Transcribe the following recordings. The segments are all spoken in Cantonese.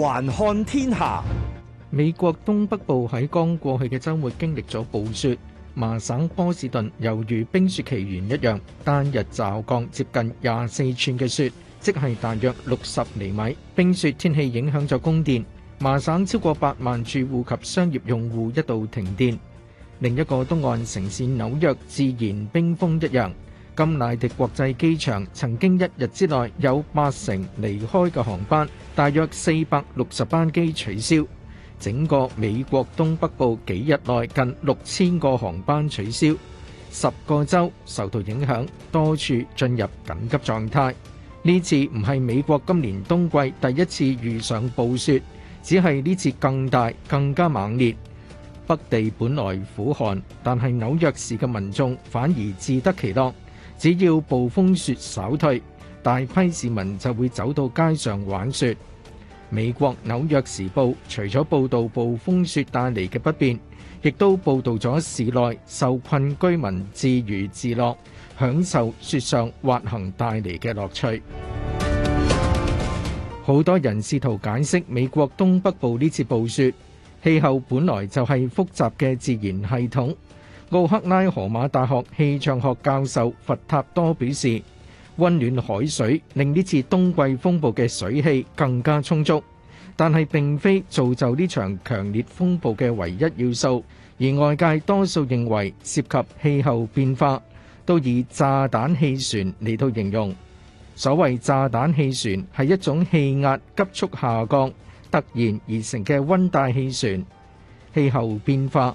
環看天下，美國東北部喺剛過去嘅周末經歷咗暴雪，麻省波士頓猶如冰雪奇緣一樣，單日驟降接近廿四吋嘅雪，即係大約六十厘米。冰雪天氣影響咗供電，麻省超過八萬住戶及商業用戶一度停電。另一個東岸城市紐約，自然冰封一樣。甘迺迪國際機場曾經一日之內有八成離開嘅航班，大約四百六十班機取消。整個美國東北部幾日內近六千個航班取消，十個州受到影響，多處進入緊急狀態。呢次唔係美國今年冬季第一次遇上暴雪，只係呢次更大更加猛烈。北地本來苦寒，但係紐約市嘅民眾反而自得其樂。只要暴風雪稍退，大批市民就會走到街上玩雪。美國紐約時報除咗報導暴風雪帶嚟嘅不便，亦都報導咗市內受困居民自娛自樂，享受雪上滑行帶嚟嘅樂趣。好多人試圖解釋美國東北部呢次暴雪，氣候本來就係複雜嘅自然系統。奧克拉荷馬大學氣象學教授佛塔多表示，温暖海水令呢次冬季風暴嘅水汽更加充足，但係並非造就呢場強烈風暴嘅唯一要素。而外界多數認為涉及氣候變化，都以炸彈氣旋嚟到形容。所謂炸彈氣旋係一種氣壓急速下降、突然而成嘅温帶氣旋。氣候變化。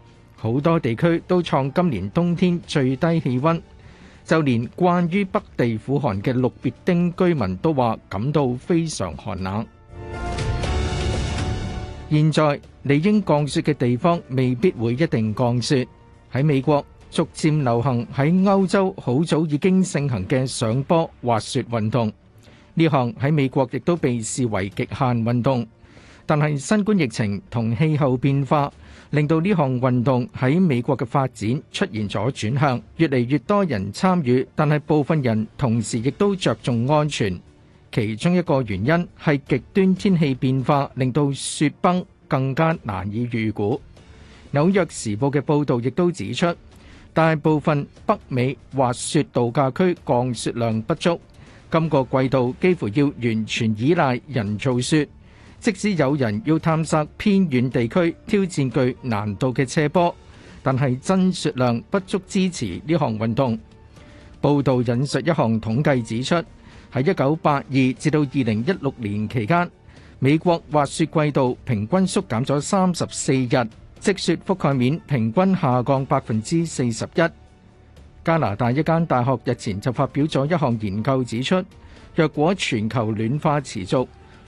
好多地區都創今年冬天最低氣温，就連慣於北地苦寒嘅綠別丁居民都話感到非常寒冷。現在理應降雪嘅地方未必會一定降雪。喺美國逐漸流行，喺歐洲好早已經盛行嘅上坡滑雪運動，呢項喺美國亦都被視為極限運動。但係新冠疫情同氣候變化令到呢項運動喺美國嘅發展出現咗轉向，越嚟越多人參與，但係部分人同時亦都著重安全。其中一個原因係極端天氣變化令到雪崩更加難以預估。紐約時報嘅報導亦都指出，大部分北美滑雪度假區降雪量不足，今個季度幾乎要完全依賴人造雪。即使有人要探索偏遠地區，挑戰具難度嘅斜坡，但係增雪量不足，支持呢項運動。報道引述一項統計指出，喺一九八二至到二零一六年期間，美國滑雪季度平均縮減咗三十四日，積雪覆蓋面平均下降百分之四十一。加拿大一間大學日前就發表咗一項研究指出，若果全球暖化持續，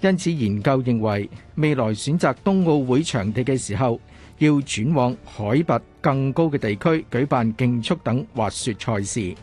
因此，研究認為未來選擇冬奧會場地嘅時候，要轉往海拔更高嘅地區舉辦競速等滑雪賽事。